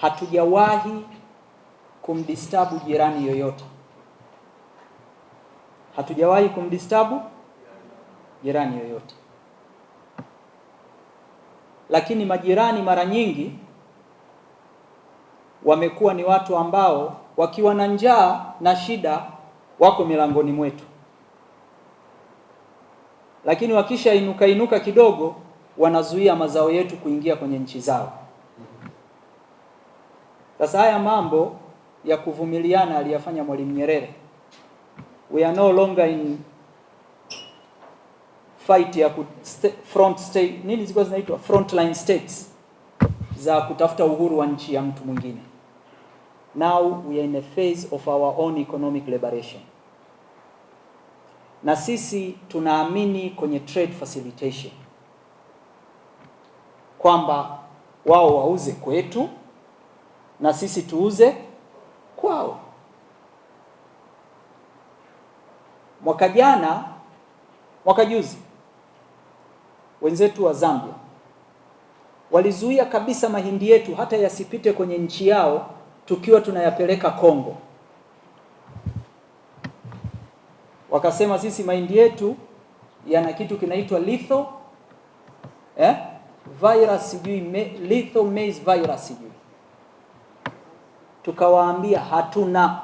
hatujawahi kumdistabu jirani yoyote, hatujawahi kumdistabu jirani yoyote. Lakini majirani mara nyingi wamekuwa ni watu ambao wakiwa na njaa na shida wako milangoni mwetu, lakini wakisha inuka inuka kidogo wanazuia mazao yetu kuingia kwenye nchi zao. Sasa haya mambo ya kuvumiliana aliyafanya Mwalimu Nyerere. We are no longer in fight ya ku front state nini zilikuwa zinaitwa frontline states za kutafuta uhuru wa nchi ya mtu mwingine. Now we are in a phase of our own economic liberation, na sisi tunaamini kwenye trade facilitation kwamba wao wauze kwetu na sisi tuuze kwao. Mwaka jana, mwaka juzi, wenzetu wa Zambia walizuia kabisa mahindi yetu hata yasipite kwenye nchi yao, tukiwa tunayapeleka Kongo. Wakasema sisi mahindi yetu yana kitu kinaitwa litho eh, virus sijui, litho maize virus sijui tukawaambia hatuna,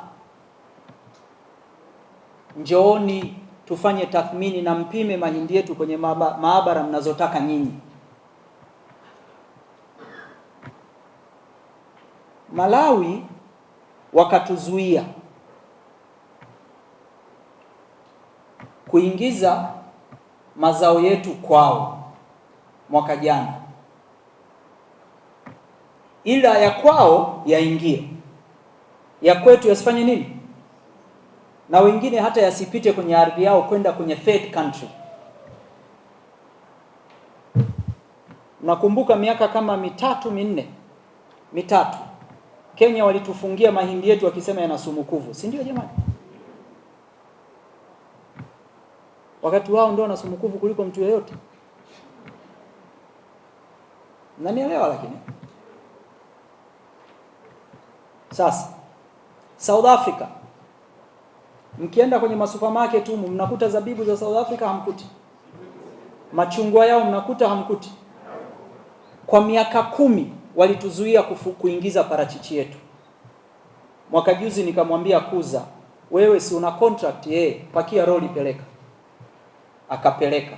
njooni tufanye tathmini na mpime mahindi yetu kwenye maabara mnazotaka nyinyi. Malawi wakatuzuia kuingiza mazao yetu kwao mwaka jana, ila ya kwao yaingie ya kwetu yasifanye nini, na wengine hata yasipite kwenye ardhi yao kwenda kwenye third country. Nakumbuka miaka kama mitatu minne mitatu, Kenya walitufungia mahindi yetu wakisema yana sumu kuvu, si ndio jamani? Wakati wao ndio wana sumu kuvu kuliko mtu yeyote, nanielewa Lakini sasa South Africa, mkienda kwenye masupermarket humu mnakuta zabibu za South Africa, hamkuti machungwa yao, mnakuta hamkuti. Kwa miaka kumi walituzuia kufu, kuingiza parachichi yetu. Mwaka juzi nikamwambia Kuza, wewe si una contract yeye, pakia roli peleka. Akapeleka,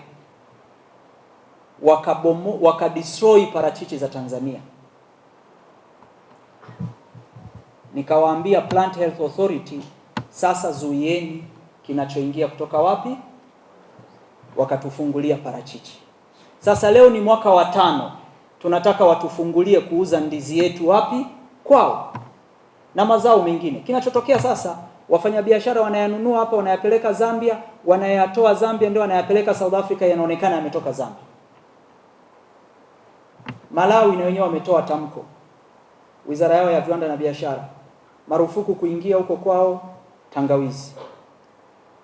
wakabomo wakadestroy parachichi za Tanzania. nikawaambia Plant Health Authority, sasa zuieni kinachoingia kutoka wapi, wakatufungulia parachichi. Sasa leo ni mwaka wa tano, tunataka watufungulie kuuza ndizi yetu wapi? Kwao na mazao mengine. Kinachotokea sasa, wafanyabiashara wanayanunua hapa, wanayapeleka Zambia, wanayatoa Zambia ndio wanayapeleka South Africa, yanaonekana yametoka Zambia. Malawi na wenyewe wametoa tamko, wizara yao ya viwanda na biashara marufuku kuingia huko kwao tangawizi,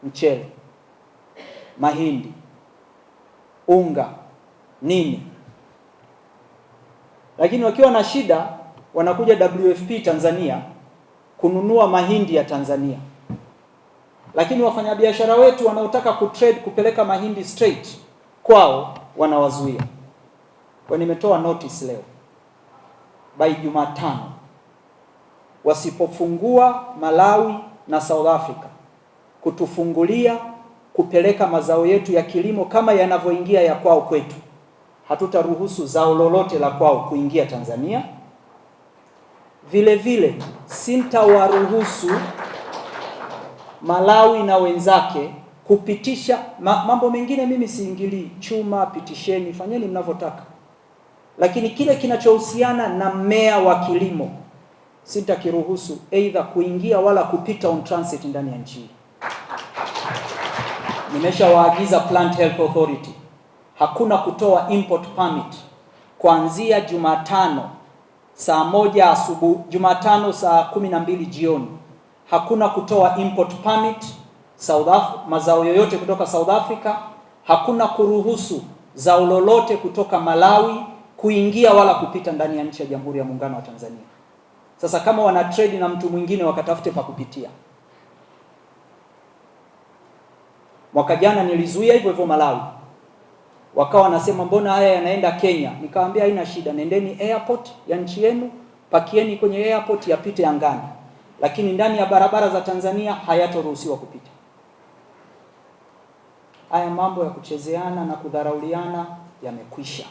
mchele, mahindi, unga, nini. Lakini wakiwa na shida wanakuja WFP Tanzania kununua mahindi ya Tanzania, lakini wafanyabiashara wetu wanaotaka kutrade kupeleka mahindi straight kwao wanawazuia. Kwa nimetoa notice leo by Jumatano wasipofungua Malawi na South Africa kutufungulia kupeleka mazao yetu ya kilimo kama yanavyoingia ya kwao kwetu, hatutaruhusu zao lolote la kwao kuingia Tanzania. Vile vile sintawaruhusu Malawi na wenzake kupitisha ma, mambo mengine mimi siingilii, chuma pitisheni, fanyeni mnavyotaka, lakini kile kinachohusiana na mmea wa kilimo sitakiruhusu aidha kuingia wala kupita on transit ndani ya nchi Nimeshawaagiza Plant Health Authority, hakuna kutoa import permit kuanzia Jumatano saa moja asubuhi, Jumatano saa kumi na mbili jioni. Hakuna kutoa import permit South Af mazao yoyote kutoka South Africa. Hakuna kuruhusu zao lolote kutoka Malawi kuingia wala kupita ndani ya nchi ya Jamhuri ya Muungano wa Tanzania. Sasa kama wana trade na mtu mwingine wakatafute pa kupitia. Mwaka jana nilizuia hivyo hivyo Malawi, wakawa wanasema mbona haya yanaenda Kenya? Nikamwambia haina shida, nendeni airport ya nchi yenu, pakieni kwenye airport yapite angani, lakini ndani ya barabara za Tanzania hayatoruhusiwa kupita. Haya mambo ya kuchezeana na kudharauliana yamekwisha.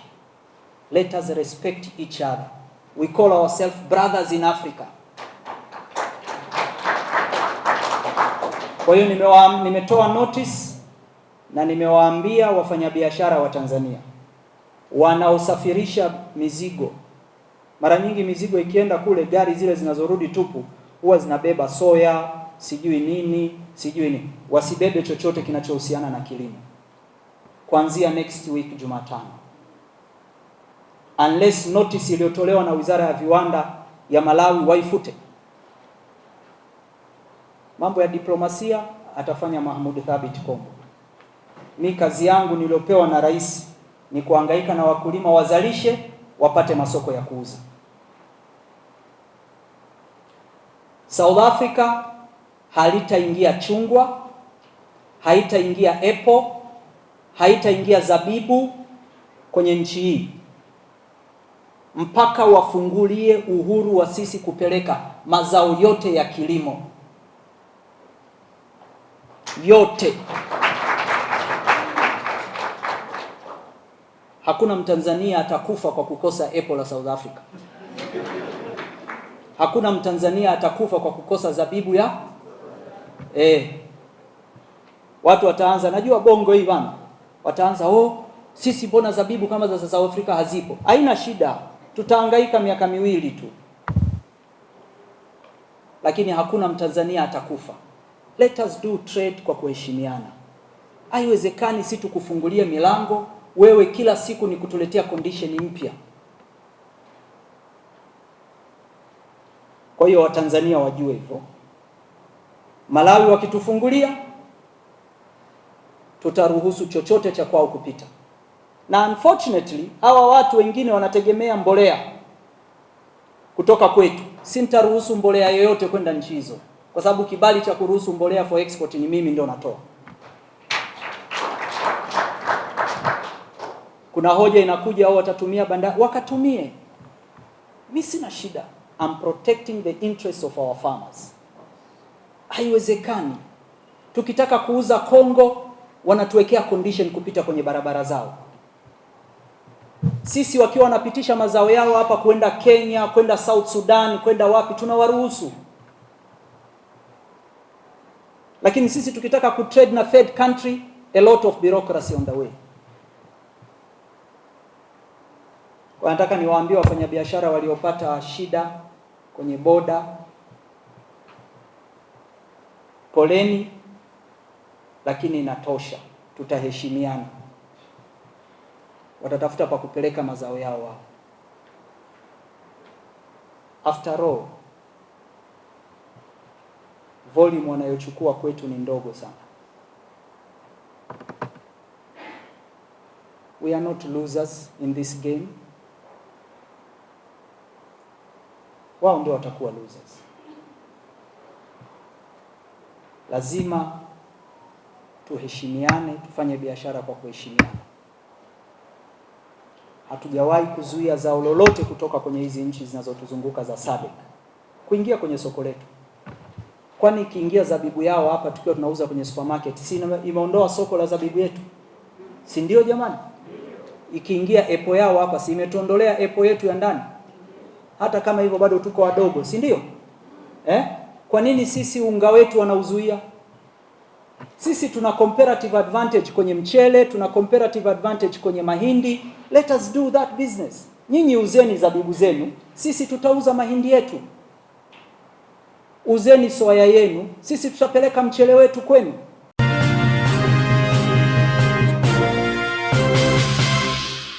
Let us respect each other. We call ourselves brothers in Africa. Kwa hiyo nimetoa notice na nimewaambia wafanyabiashara wa Tanzania wanaosafirisha mizigo. Mara nyingi mizigo ikienda kule, gari zile zinazorudi tupu huwa zinabeba soya, sijui nini, sijui nini. Wasibebe chochote kinachohusiana na kilimo kuanzia next week Jumatano unless notice iliyotolewa na Wizara ya Viwanda ya Malawi waifute. Mambo ya diplomasia atafanya mahmud Thabit Kombo. Mi kazi yangu niliyopewa na rais ni kuhangaika na wakulima wazalishe, wapate masoko ya kuuza. South Africa halitaingia chungwa, haitaingia apple, haitaingia zabibu kwenye nchi hii mpaka wafungulie uhuru wa sisi kupeleka mazao yote ya kilimo yote. Hakuna Mtanzania atakufa kwa kukosa epo la South Africa. Hakuna Mtanzania atakufa kwa kukosa zabibu ya eh. Watu wataanza, najua bongo hii bana, wataanza oh, sisi mbona zabibu kama za South Africa hazipo? Haina shida tutahangaika miaka miwili tu, lakini hakuna Mtanzania atakufa. Let us do trade kwa kuheshimiana. Haiwezekani si tukufungulie milango wewe kila siku ni kutuletea condition mpya. Kwa hiyo Watanzania wajue hivyo. Malawi wakitufungulia tutaruhusu chochote cha kwao kupita na unfortunately hawa watu wengine wanategemea mbolea kutoka kwetu. Sintaruhusu mbolea yoyote kwenda nchi hizo, kwa sababu kibali cha kuruhusu mbolea for export ni mimi ndio natoa. Kuna hoja inakuja, au watatumia bandari, wakatumie. Mimi sina shida, I'm protecting the interests of our farmers. Haiwezekani tukitaka kuuza Kongo wanatuwekea condition kupita kwenye barabara zao. Sisi wakiwa wanapitisha mazao yao hapa kwenda Kenya, kwenda South Sudan, kwenda wapi, tunawaruhusu. Lakini sisi tukitaka kutrade na third country, a lot of bureaucracy on the way. Wanataka niwaambie wafanyabiashara waliopata shida kwenye boda, poleni, lakini inatosha, tutaheshimiana watatafuta pa kupeleka mazao yao wao. After all, volume wanayochukua kwetu ni ndogo sana. We are not losers in this game. Wao ndio watakuwa losers. Lazima tuheshimiane, tufanye biashara kwa kuheshimiana hatujawahi kuzuia zao lolote kutoka kwenye hizi nchi zinazotuzunguka za SADC kuingia kwenye soko letu, kwani ikiingia zabibu yao hapa tukiwa tunauza kwenye supermarket, si imeondoa soko la zabibu yetu, si ndio jamani? Ikiingia epo yao hapa, si imetuondolea epo yetu ya ndani? Hata kama hivyo bado tuko wadogo, si ndio? Eh, kwa nini sisi unga wetu wanauzuia? Sisi tuna comparative advantage kwenye mchele, tuna comparative advantage kwenye mahindi. Let us do that business. Nyinyi uzeni zabibu zenu, sisi tutauza mahindi yetu. Uzeni soya yenu, sisi tutapeleka mchele wetu kwenu.